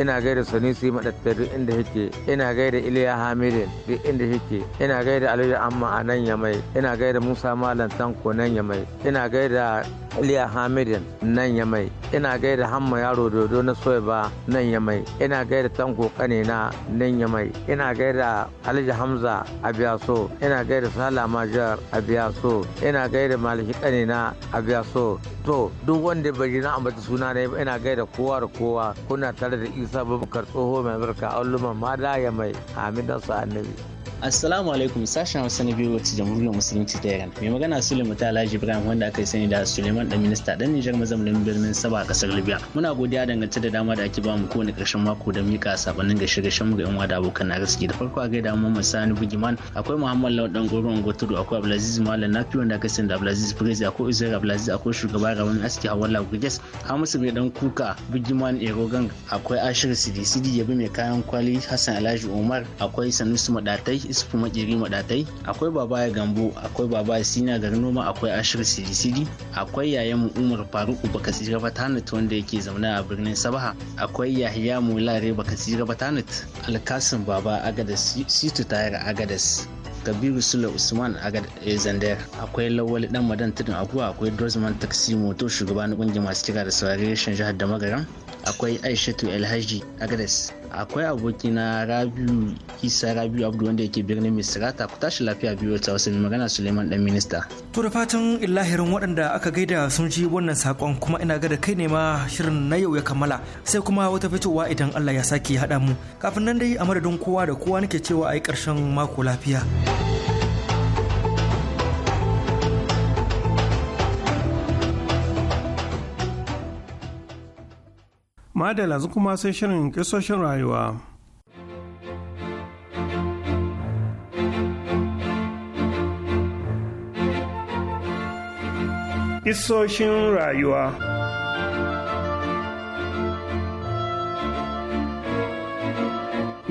ina gaida Muhammadu Sanusi Madattari inda yake ina gaida Iliya Hamidin duk inda yake ina gaida Aliyu Amma a nan ya mai ina gaida Musa Malam Tanko nan ya mai ina gaida Iliya Hamidin nan ya mai ina gaida Hamma Yaro Dodo na Soyaba nan ya mai ina gaida Tanko Kanina nan ya mai ina gaida Alhaji Hamza a so ina gaida Sala Majar a so ina gaida Maliki Kanina a so to duk wanda bai na ambata suna ne ina gaida kowa da kowa kuna tare da Isa Babu dokar tsoho mai barka auluma da ya mai hamidan su annabi Assalamu alaikum sashen Hausa na biyu wacce jamhuriyar musulunci ta Iran. Mai magana sule ta Alhaji Ibrahim wanda aka yi sani da Suleiman da minista dan Nijar mazaunin birnin Saba a kasar Libya. Muna godiya dangance da dama da ake ba mu kowane karshen mako da mika sabanin ga shirye mu ga yan da abokan na gaske. Da farko a gaida mu Sani Bugiman, akwai Muhammad Lawal dan Goro Ngotudu, akwai Abdulaziz Malam Nafi wanda aka sani da Abdulaziz firiz akwai Uzair Abdulaziz, akwai shugaba rabin Aski Hawala Gurges, Hamisu Mai dan Kuka, Bugiman Erogan, akwai Ashir Sidi ya bi mai kayan kwali Hassan Alhaji Umar akwai Sanusi Madatai Isufu Makiri Madatai akwai baba ya Gambo akwai baba ya Sina garin noma akwai Ashir Sidisidi akwai yayan mu Umar faruk Bakasira Batanat wanda yake zaune a birnin Sabaha akwai Yahya Mulare Bakasira Batanat Alkasim Baba Agadas Situ Tayar Agadas kabiru Sule usman a eh, zander akwai lawali dan madan tudun abuwa akwai drosman taxi moto shugaba na kungiyar masu kira da saurari reshen jihar da magaran akwai aishatu alhaji agnes akwai abokina rabiu isa rabiu abdu wanda yake birnin misrata ku tashi lafiya biyu ta wasu magana suleiman dan minista to da fatan illahirin waɗanda aka gaida sun ji wannan sakon kuma ina ga da kai ne ma shirin na yau ya kammala sai kuma wata fitowa idan allah ya sake haɗa mu kafin nan dai a madadin kowa da kowa nake cewa a yi ƙarshen mako lafiya. madala yanzu kuma sai shirin kisoshin rayuwa Kisoshin rayuwa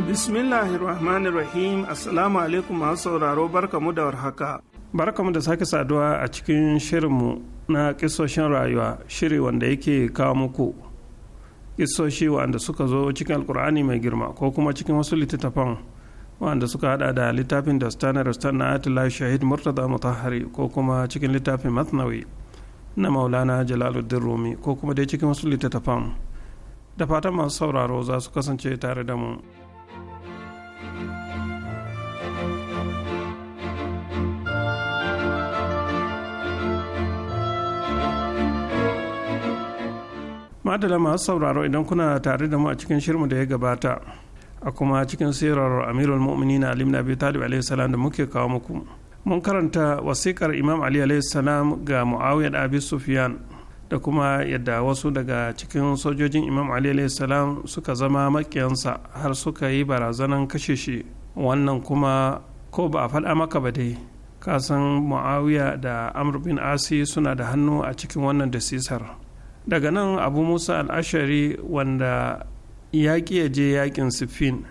Bismillahirrahmanirrahim Assalamu alaikum masu sauraro barkamu da warhaka. Barkamu da sake saduwa a cikin shirinmu na kisoshin rayuwa shiri wanda yake kawo muku kisoshi wanda suka zo cikin alkur'ani mai girma ko kuma cikin wasu littattafan wanda suka hada da littafin da stanar na atila shahid murtaza mutahari ko kuma cikin littafin masnawi na maulana jalaluddin rumi ko kuma dai cikin wasu littattafan da fatan masu sauraro za su kasance tare da mu. madala masu sauraro idan kuna tare da mu a cikin shirmu da ya gabata a kuma cikin sirar amirul mu'minin na ibn abi talib alaihi da muke kawo muku mun karanta wasikar imam ali alaihi ga muawiya da abi sufyan da kuma yadda wasu daga cikin sojojin imam ali alaihi suka zama makiyansa har suka yi barazanan kashe shi wannan kuma ko ba a faɗa maka ba dai kasan muawiya da amr asi suna da hannu a cikin wannan dasisar daga nan abu musa al'ashari wanda ya ya je yaƙin siffin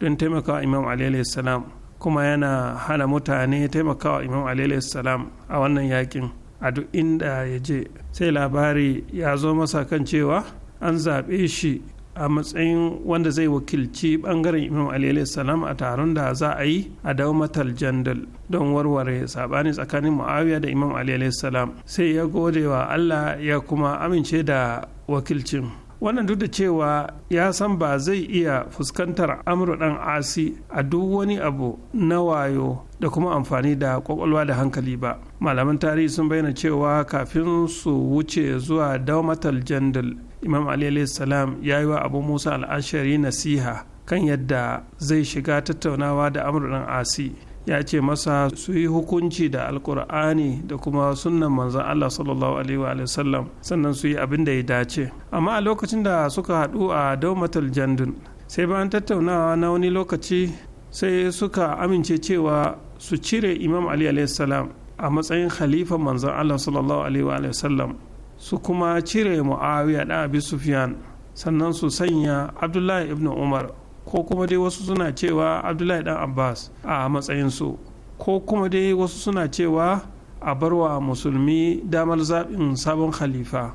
don taimakawa imam salam kuma yana hana mutane taimakawa imam salam a wannan yaƙin, a duk inda ya je sai labari ya zo masa kan cewa an zaɓe shi a matsayin wanda zai wakilci bangaren imam alayhi salam a taron da za a yi a daumatar jandal don warware sabani tsakanin muawiya da imam alayhi salam sai ya gode wa allah ya kuma amince da wakilcin wannan duk da cewa ya san ba zai iya fuskantar amru dan asi a duk wani abu na wayo da kuma amfani da kwakwalwa da hankali ba malaman tarihi sun bayyana cewa kafin su wuce zuwa daumatal jandal imam ali salam ya yi wa abu musa al'ashari nasiha kan yadda zai shiga tattaunawa da amurin asi ya ce masa su yi hukunci da alkur'ani da kuma sunnan manzan allah sallallahu alaihi wa sallam sannan su yi abin da ya dace amma a lokacin da suka haɗu a daumatul jandun sai bayan tattaunawa na wani lokaci sai suka amince cewa su cire imam ali salam a matsayin khalifa manzan allah sallallahu alaihi wa sallam su kuma cire muawiya da abi sufyan sannan su sanya abdullahi ibn umar ko kuma dai wasu suna cewa abdullahi dan abbas a matsayinsu ko kuma dai wasu suna cewa a barwa musulmi damar zaɓin sabon khalifa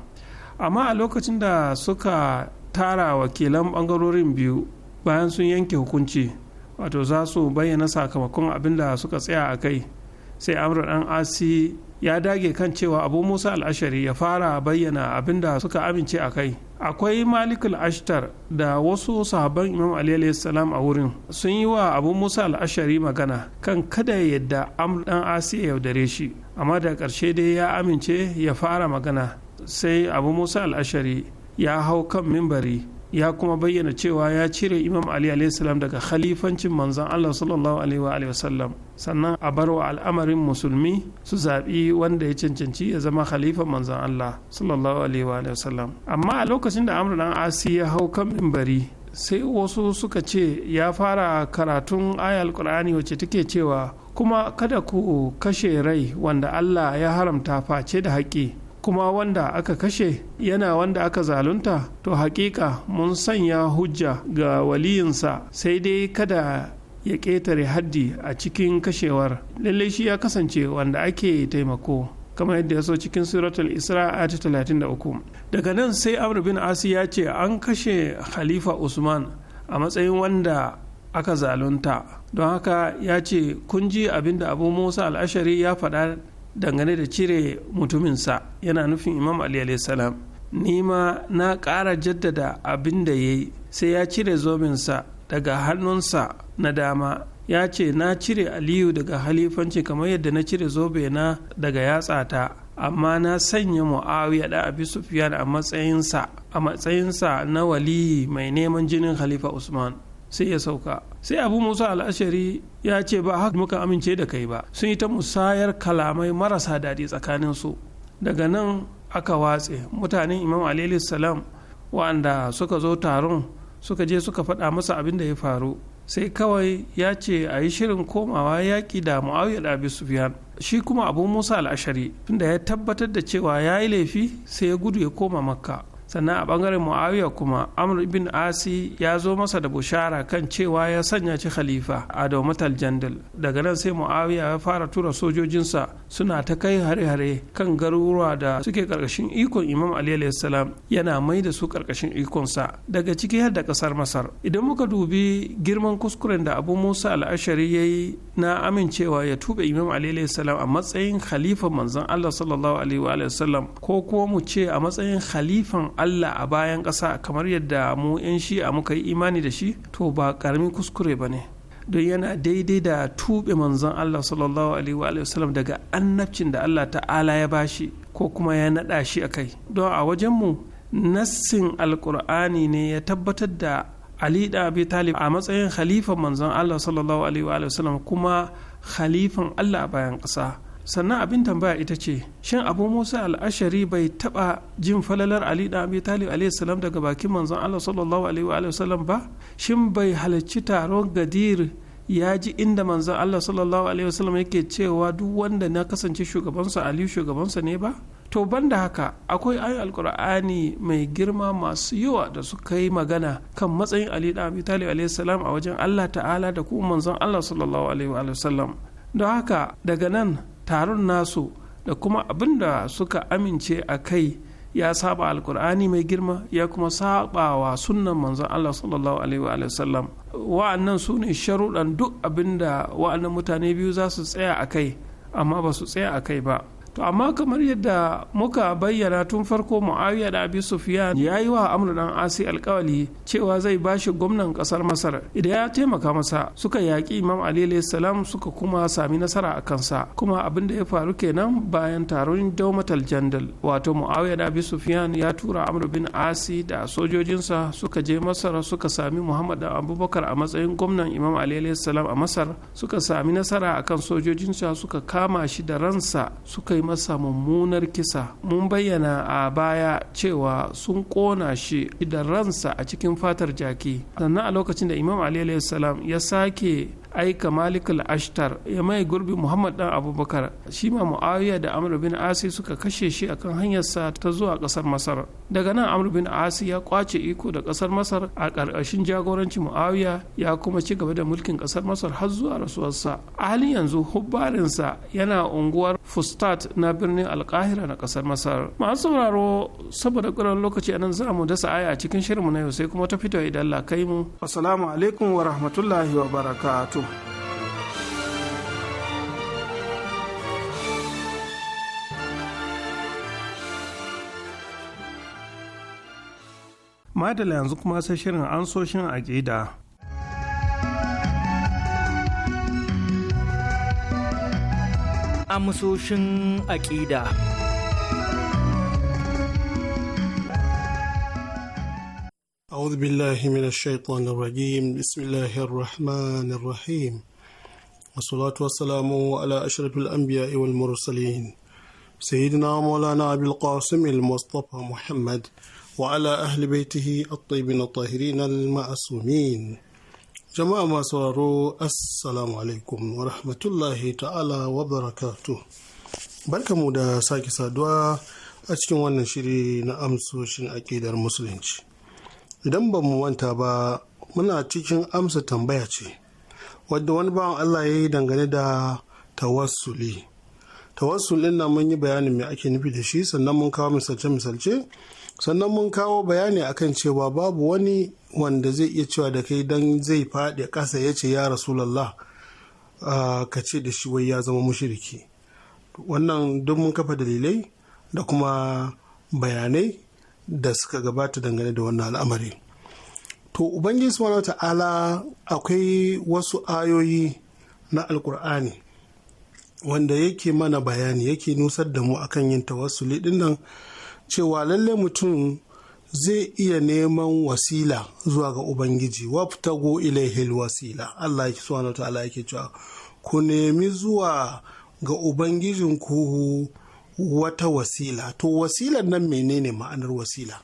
amma a lokacin da suka tara wakilan bangarorin biyu bayan sun yanke hukunci wato za su bayyana sakamakon abin da suka tsaya a kai sai amur dan asi ya dage kan cewa abu musa al'ashari ya fara bayyana abin da suka amince a kai akwai malikul ashtar da wasu sahabban imam ali salam a wurin sun yi wa abu musa al'ashari magana kan kada yadda am asi asiya yaudare shi amma da ƙarshe dai ya amince ya fara magana sai abu musa al'ashari ya hau kan mimbari ya kuma bayyana cewa ya cire imam ali salam daga khalifancin manzon allah sallallahu alaihi wa sallam sannan a bar wa al'amarin musulmi su zaɓi wanda ya cancanci ya zama khalifan manzon allah sallallahu alaihi wa sallam. amma a lokacin da amr dan asi ya hau kan mimbari sai wasu suka ce ya fara karatun ayal qur'ani wacce take cewa kuma kada ku kashe rai wanda allah ya haramta face da haƙƙi kuma wanda aka kashe yana wanda aka zalunta to hakika mun sanya hujja ga waliyinsa sai dai kada ya ƙetare haddi a cikin kashewar lallai shi ya kasance wanda ake taimako kamar yadda ya so cikin suratul isra da 33 daga nan sai amr bin asi ya ce an kashe khalifa usman a matsayin wanda aka zalunta don haka ya ce kun ji abin da abu musa al'ashari ya faɗa dangane da cire mutuminsa yana nufin imam ali salam ni ma na ƙara jaddada abin da ya yi sai ya cire zobinsa daga hannunsa na dama ya ce na cire aliyu daga halifanci kamar yadda na cire zobe na daga yatsata amma na sanya mu'awiya da abi sufyan a matsayinsa a matsayinsa na wali mai neman jinin halifa usman sai ya sauka sai abu musa al'ashari ya ce ba haka muka amince da kai ba sun yi ta musayar kalamai marasa daɗi tsakanin su daga nan aka watse mutanen imam alayhi salam wa'anda suka zo taron suka je suka faɗa masa abin da ya faru sai kawai ya ce a yi shirin komawa yaƙi da muawiya da abu sufiyan shi kuma abu musa al'ashari tunda ya tabbatar da cewa ya yi laifi sai ya gudu ya koma makka sannan a bangaren muawiya kuma amr ibn asi ya zo masa da bushara kan cewa ya sanya ci khalifa a jandal daga nan sai muawiya ya fara tura sojojinsa suna ta kai hare-hare kan garuruwa da suke karkashin ikon imam ali yana mai da su karkashin ikonsa daga ciki har da kasar masar idan muka dubi girman kuskuren da abu musa al'ashari ya yi na amincewa ya tuba imam ali a matsayin khalifan manzon allah sallallahu alaihi wa sallam ko kuma mu ce a matsayin khalifan Allah a bayan ƙasa kamar yadda mu 'yan shi'a muka yi imani da shi to ba ƙaramin kuskure ba ne don yana daidai da tuɓe manzon Allah sallallahu alaihi wa daga annabcin da Allah ta'ala ya bashi ko kuma ya naɗa shi a kai don a wajenmu nassin alkur'ani ne ya tabbatar da Ali da Abi Talib a matsayin khalifan manzon Allah sallallahu alaihi wa kuma khalifan Allah a bayan ƙasa sannan abin tambaya ita ce shin abu musa al'ashari bai taba jin falalar ali da abi talib alaihissalam daga bakin manzon allah sallallahu alaihi wa sallam ba shin bai halarci taron gadir ya ji inda manzon allah sallallahu alaihi wa sallam yake cewa duk wanda na kasance shugabansa ali shugabansa ne ba to ban da haka akwai ayoyin alkur'ani mai girma masu yawa da suka yi magana kan matsayin ali da abi talib alaihissalam a wajen allah ta'ala da kuma manzon allah sallallahu alaihi wa sallam don haka daga nan taron nasu da kuma abin da suka amince a kai ya saba alkur'ani mai girma ya kuma saba wa sunnan manzon Allah sallallahu alaihi wa sallam wa'annan su ne sharuɗan duk abin da wa'annan mutane biyu za su tsaya a kai amma ba su tsaya a kai ba to amma kamar yadda muka bayyana tun farko muawiya da abi sufyan ya yi wa amr dan asi alkawali cewa zai bashi gwamnan kasar masar idan ya taimaka masa suka yaƙi imam ali salam suka kuma sami nasara a kansa kuma abin da ya faru kenan bayan taron daumatal jandal wato muawiya da abi sufyan ya tura amr bin asi da sojojinsa suka je masar suka sami muhammad da abubakar a matsayin gwamnan imam ali salam a masar suka sami nasara akan sojojinsa suka kama shi da ransa suka masa mummunar kisa mun bayyana a baya cewa sun kona shi da ransa a cikin fatar jaki sannan a lokacin da imam ali salam ya sake aika malik ashtar ya mai gurbi muhammad dan abubakar shi ma muawiya da amr bin asi suka kashe shi akan sa ta zuwa kasar masar daga nan amr bin asi ya kwace iko da kasar masar a ƙarƙashin jagorancin muawiya ya kuma ci gaba da mulkin kasar masar har zuwa rasuwarsa a halin yanzu hubbarinsa yana unguwar fustat na birnin alkahira na kasar masar masu sauraro saboda ƙuran lokaci anan za mu dasa aya a cikin shirinmu na yau sai kuma ta fito idan la kai mu assalamu alaikum wa rahmatullahi wa barakatuh Madala yanzu kuma sai shirin ansoshin aƙida. Amsoshin aƙida. أعوذ بالله من الشيطان الرجيم بسم الله الرحمن الرحيم والصلاة والسلام على أشرف الأنبياء والمرسلين سيدنا مولانا أبي القاسم المصطفى محمد وعلى أهل بيته الطيبين الطاهرين المعصومين جماعة ما سرروا السلام عليكم ورحمة الله تعالى وبركاته بركة مدى ساكي سادوا أتكلم عن شري شن أكيد المسلمين idan ba mu manta ba muna cikin amsa tambaya ce wadda wani bawan Allah ya yi dangane da tawassuli tawassulin na mun yi bayani me ake nufi da shi sannan mun kawo misalce-misalce sannan mun kawo bayani akan cewa babu wani wanda zai iya cewa da kai dan zai faɗi ƙasa ya ce ya rasulallah ka ce da shi wai ya zama mushiriki wannan duk mun kafa dalilai da kuma bayanai da suka gabata dangane da wannan al'amari to ubangiji subhanahu ta'ala akwai wasu ayoyi na alkur'ani wanda yake mana bayani yake nusar da mu akan yin tawassuli din nan cewa lalle mutum zai iya neman wasila zuwa ga ubangiji waftago ilaihil wasila Allah yake subhanahu ta'ala yake cewa ku nemi zuwa ga ubangijinku wata wasila to wasilar nan menene ma'anar wasila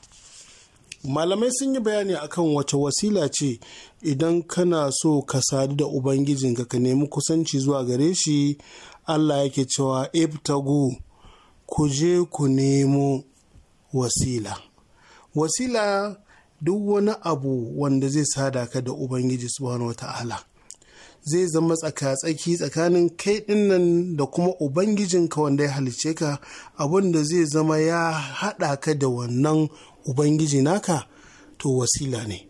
malamai sun yi bayani akan wace wasila ce idan kana so ka sadu da ubangijinka ka nemi kusanci zuwa gare shi allah yake cewa ibtagu ku je ku nemo wasila wasila duk wani abu wanda zai sada ka da ubangiji subhanahu wa ta'ala zai zama tsaka-tsaki tsakanin kai dinnan da kuma ubangijinka wanda ya halice ka abin da zai zama ya haɗa ka da wannan ubangiji naka to wasila ne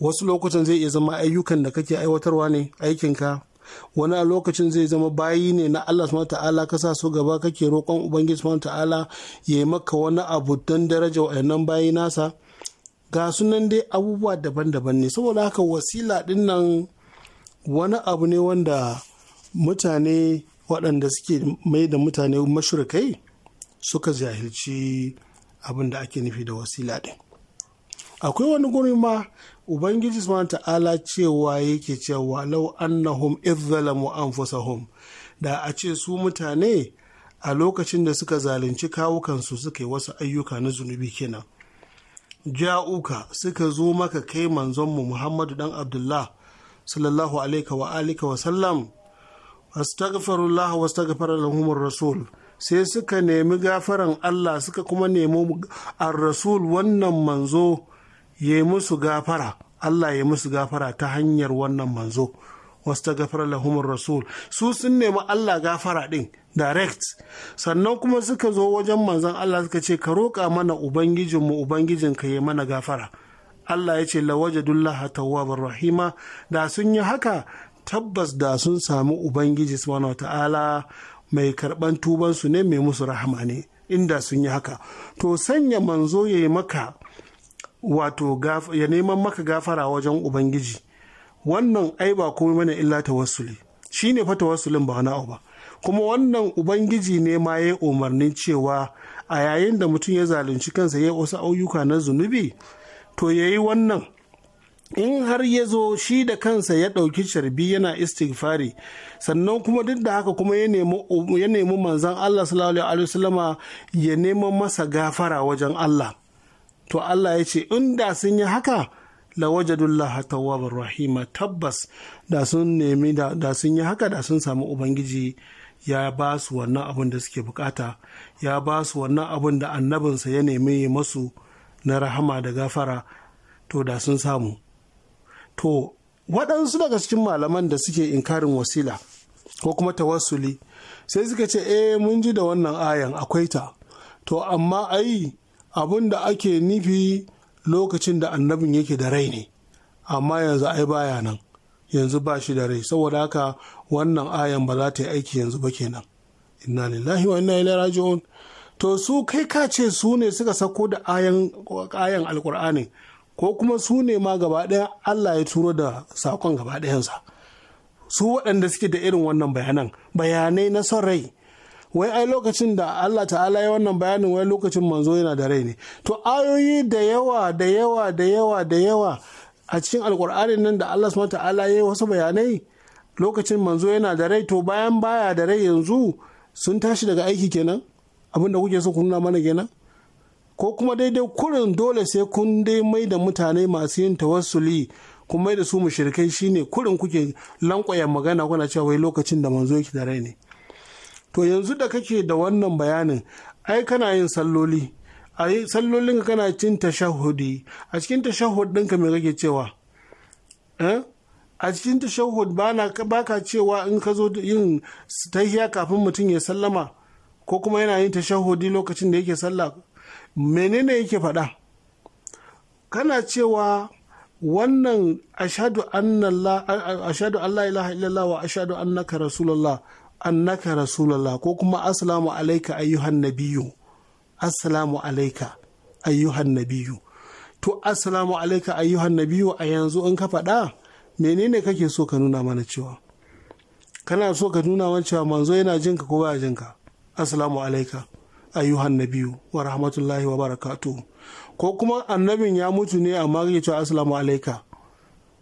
wasu lokutan zai iya zama ayyukan da kake aiwatarwa ne aikinka wani a lokacin zai zama bayi ne na Allah subhanahu ta'ala ka sa su gaba kake roƙon ubangiji subhanahu ta'ala ya maka wani abu don daraja wa'annan bayi nasa ga sunan dai abubuwa daban-daban ne saboda haka wasila din wani abu ne wanda mutane waɗanda suke mai da mutane mashirkai suka jahilci abin da ake nufi da wasila ɗin akwai wani gurin ma ubangiji su ta'ala cewa yake cewa lau annahum izzalamu anfusahum da a ce su mutane a lokacin da suka zalunci kawukansu suka yi wasu ayyuka na zunubi kenan ja'uka suka zo maka kai manzonmu muhammadu dan abdullah sallallahu alaihi wa alihi wa sallam astaghfirullah wa astaghfara lahum rasul sai suka nemi gafaran Allah suka kuma nemi ar-rasul wannan manzo ya musu gafara Allah ya musu gafara ta hanyar wannan manzo ta gafara lahumar rasul su sun nemi Allah gafara ɗin direct sannan kuma suka zo wajen manzon Allah suka ce ka roƙa mana ubangijinmu ubangijinka ya mana gafara Allah ya ce lawajadullaha tawwabar rahima da sun yi haka tabbas da sun samu ubangiji subhanahu ta'ala mai karban tubansu ne mai musu rahama ne inda sun yi haka to sanya manzo ya yi maka wato ya neman maka gafara wajen ubangiji wannan ai ba komai mana illa tawassuli shine fa tawassulin ba wani ba kuma wannan ubangiji ne ma ya umarnin cewa a yayin da mutum ya zalunci kansa ya wasu ayyuka na zunubi to ya yi wannan in har ya zo shi da kansa ya ɗauki sharbi yana istighfari sannan kuma duk da haka kuma ya nemi manzan Allah sallallahu ya nema masa gafara wajen Allah to Allah ya ce in da sun yi haka lawajadullah tawwabar rahima tabbas da sun nemi da sun yi haka da sun samu ubangiji ya ba su wannan abin da suke bukata ya ba su wannan abin da annabinsa ya nemi masu na rahama da gafara to da sun samu to waɗansu daga cikin malaman da suke inkarin wasila ko kuma tawassuli sai suka ce eh mun ji da wannan ayan akwai ta to amma ai abin da ake nufi lokacin da annabin yake da rai ne amma yanzu ai baya nan yanzu ba shi da rai saboda haka wannan ayan ba za ta yi aiki yanzu ba kenan inna lillahi wa inna ilaihi raji'un to su kai ka ce su ne suka sako da ayan alkur'ani ko kuma su ne ma gaba ɗaya allah ya turo da sakon gaba ɗayansa su waɗanda suke da irin wannan bayanan bayanai na son rai wai ai lokacin da Allah ta'ala ya wannan bayanin wai lokacin manzo yana da rai ne to ayoyi da yawa da yawa da yawa da yawa a cikin alkur'ani nan da Allah subhanahu ta'ala ya yi wasu bayanai lokacin manzo yana da rai to bayan baya da rai yanzu sun tashi daga aiki kenan abin da kuke so ku nuna mana kenan ko kuma daidai kurin dole sai kun dai mai da mutane masu yin tawassuli kun mai da su mushrikai shine kurin kuke lankwaya magana kuna cewa wai lokacin da manzo yake da rai ne to yanzu da kake da wannan bayanin ai kana yin salloli a yi sallolin kana cin tashahudi a cikin tashahud ɗinka me kake cewa eh? a cikin tashahud ba ka cewa in ka zo yin tahiya kafin mutum ya sallama ko kuma yana yin tashahudi lokacin da yake sallah menene yake faɗa kana cewa wannan ashadu Allah ilaha illallah wa ashadu annaka rasulullah annaka rasulullah ko kuma assalamu alaika ayyuhan nabiyyu assalamu alaika ayyuhan nabiyyu to assalamu alaika ayyuhan nabiyyu a yanzu in ka faɗa menene kake so ka nuna mana cewa kana so ka nuna mana cewa manzo yana jinka ko baya jinka assalamu alaika ayyuhan nabiyu wa rahmatullahi wa barakatu ko kuma annabin ya mutu ne amma kake cewa assalamu alaika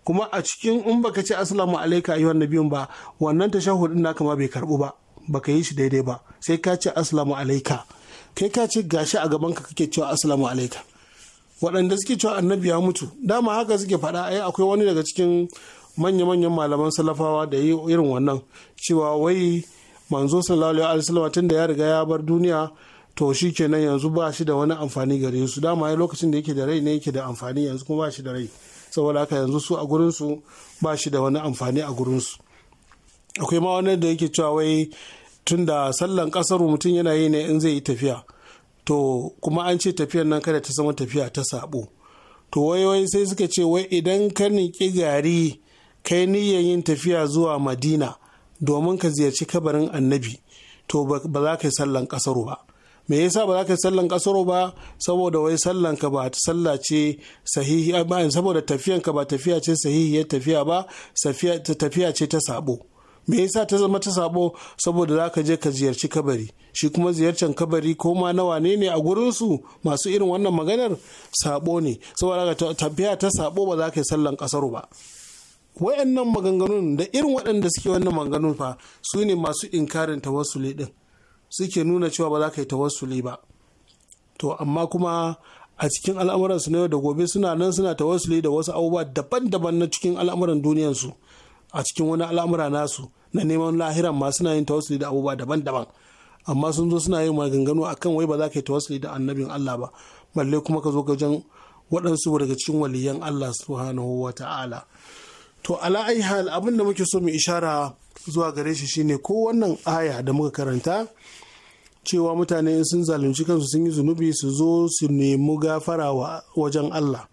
kuma a cikin in baka ce assalamu alaika ayyuhan nabiyun ba wannan tashahhud din naka ma bai karbu ba baka yi shi daidai ba sai ka ce assalamu alaika kai ka ce gashi a gaban ka kake cewa assalamu alaika waɗanda suke cewa annabi ya mutu dama haka suke faɗa ai akwai wani daga cikin manya-manyan malaman salafawa da yi irin wannan cewa wai manzo sallallahu alaihi wasallam tun da ya riga ya bar duniya to shi kenan yanzu ba shi da wani amfani gare su dama lokacin da yake da rai ne yake da amfani yanzu kuma ba shi da rai saboda haka yanzu su a gurin su ba shi da wani amfani a gurin su akwai ma wani da yake cewa wai tun da sallan kasar mutum yana yi ne in zai yi tafiya to kuma an ce tafiyar nan kada ta zama tafiya ta sabo to wai sai suka ce wai idan ka niƙi gari kai niyyar yin tafiya zuwa madina domin ka ziyarci kabarin annabi to ba za ka yi sallan kasaro ba me yasa ba za ka yi sallan kasaro ba saboda wai sallan ka ba salla ce sahihi saboda tafiyan ka ba tafiya ce sahihi ya tafiya ba tafiya ce ta sabo me yasa ta zama ta sabo saboda za ka je ka ziyarci kabari shi kuma ziyarcen kabari ko ma na wane ne a gurinsu masu irin wannan maganar sabo ne saboda tafiya ta sabo ba za ka yi sallan kasaro ba wayannan maganganun da irin waɗanda suke wannan maganganun fa su ne masu inkarin tawassuli din suke nuna cewa ba za ka yi tawassuli ba to amma kuma a cikin al'amuransu na yau da gobe suna nan suna tawassuli da wasu abubuwa daban-daban na cikin al'amuran su a cikin wani al'amura nasu na neman lahiran ma suna yin tawassuli da abubuwa daban-daban amma sun zo suna yin maganganu akan wai ba za ka yi tawassuli da annabin Allah ba balle kuma ka zo wajen waɗansu daga cikin waliyan Allah subhanahu wa ta'ala to ala hal abin da muke so mu ishara zuwa gare shi shine ko wannan aya da muka karanta cewa mutane sun zalunci kansu sun yi zunubi su zo su nemi gafara wajen Allah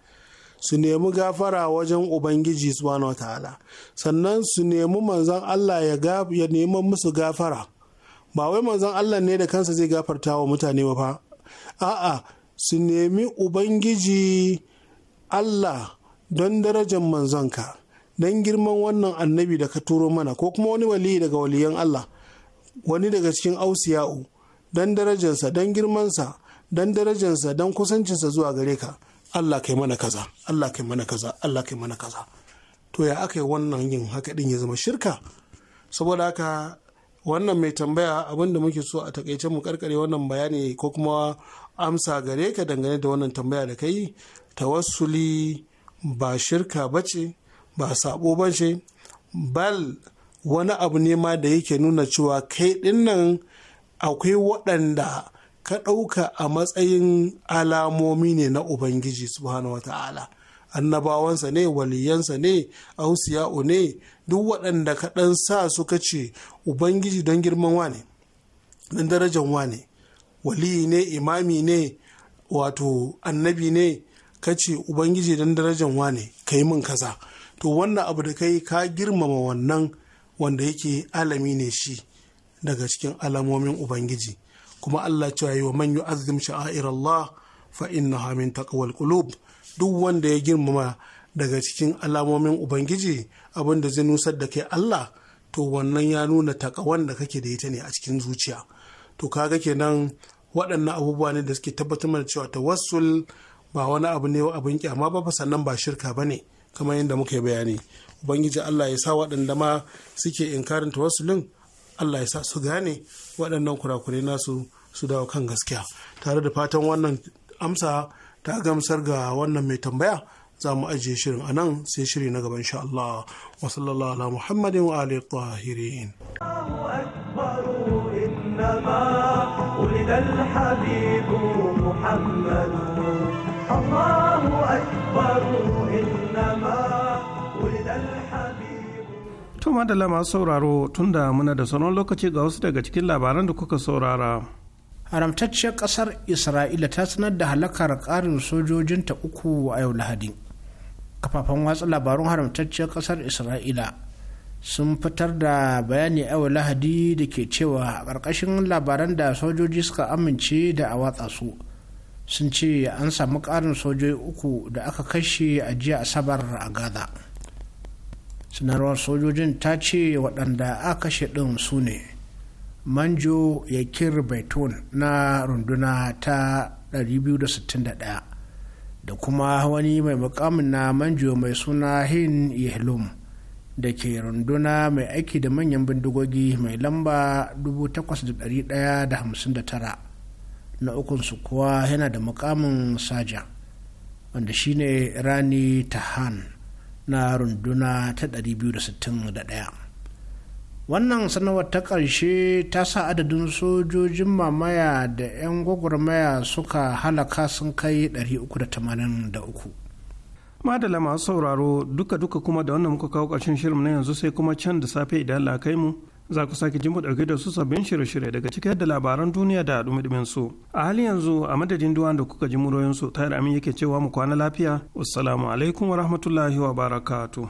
su nemi gafara wajen Ubangiji subhanahu wa ta'ala sannan su nemi manzan Allah ya nemi musu gafara ba wai manzan Allah ne da kansa zai gafarta wa mutane ba a'a su nemi Ubangiji Allah don darajar manzanka don girman wannan annabi da ka turo mana ko kuma wani waliyi daga waliyan Allah wani daga cikin ausiya'u don darajarsa don girmansa don darajarsa don kusancinsa zuwa gare ka Allah kai mana kaza Allah kai mana kaza Allah kai mana kaza to ya aka yi wannan yin haka din ya zama shirka saboda haka wannan mai tambaya abin da muke so a takaice mu karkare wannan bayani ko kuma amsa gare ka dangane da wannan tambaya da kai tawassuli ba shirka bace ba sabo ba ce bal wani abu ne ma da yake nuna cewa kai dinnan akwai waɗanda ka ɗauka a matsayin alamomi ne na ubangiji subhanahu wata'ala annabawansa ne waliyansa ne ausiya'u ne duk waɗanda ka ɗan sa suka ce ubangiji don girman ne? don darajan ne? waliyi ne imami ne wato annabi ne ka ce ubangiji don darajan ne, ka yi min kaza. to wannan abu da kai ka girmama wannan wanda yake alami ne shi daga cikin alamomin ubangiji kuma Allah cewa yi wa man azim sha'air Allah fa innaha hamin taqwal qulub duk wanda ya girmama daga cikin alamomin ubangiji abinda zai nusar da kai Allah to wannan ya nuna takawan da kake da ita ne a cikin zuciya to kaga kenan waɗannan abubuwa ne da suke tabbatar mana cewa tawassul ba wani abu ne abin kyama ba sannan ba shirka ba ne kamar yadda muka yi bayani ubangiji allah ya sa waɗanda ma suke inkarin tawassulin allah ya sa su gane waɗannan kurakurai nasu su dawo kan gaskiya tare da fatan wannan amsa ta gamsar ga wannan mai tambaya za mu ajiye shirin a nan sai shiri na gaban sha Allah wa sallallahu muhammadin wa alihi tahirin da lama sauraro tunda muna da sauran lokaci ga wasu daga cikin labaran da kuka saurara. Haramtacciyar ƙasar Isra'ila ta sanar da halakar ƙarin sojojinta uku a yau Lahadi. Kafafen watsa labarun haramtacciyar ƙasar Isra'ila sun fitar da bayani yau Lahadi da ke cewa a ƙarƙashin labaran da sojoji suka amince da a watsa su. Sun ce an samu ƙarin sojoji uku da aka kashe a jiya Asabar a Gaza. sanarwar sojojin ta ce waɗanda aka kashe ɗin su ne manjo yakir baitun na runduna ta 261 da kuma wani mai mukamin na manjo mai suna hin yahlum da ke runduna mai aiki da manyan bindigogi mai lamba 8159 na ukunsu kuwa yana da mukamin saja wanda shine rani tahan na runduna ta 261 wannan sanarwar ta ƙarshe ta sa adadin sojojin mamaya da 'yan gwagwarmaya suka halaka sun kai 383 madala masu sauraro duka-duka kuma da wannan muka kawo ƙarshen shirin na yanzu sai kuma can da safe idan Allah kai mu za ku sake jin mu dauke da su sabbin shirye-shirye daga cikin da labaran duniya da dumi su a halin yanzu a madadin duwan da kuka ji muroyin su tayar amin yake cewa mu kwana lafiya wassalamu alaikum wa rahmatullahi wa barakatuh